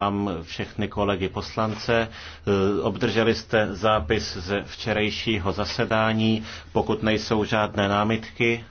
vám všechny kolegy poslance. Eh, obdrželi jste zápis ze včerejšího zasedání. Pokud nejsou žádné námitky,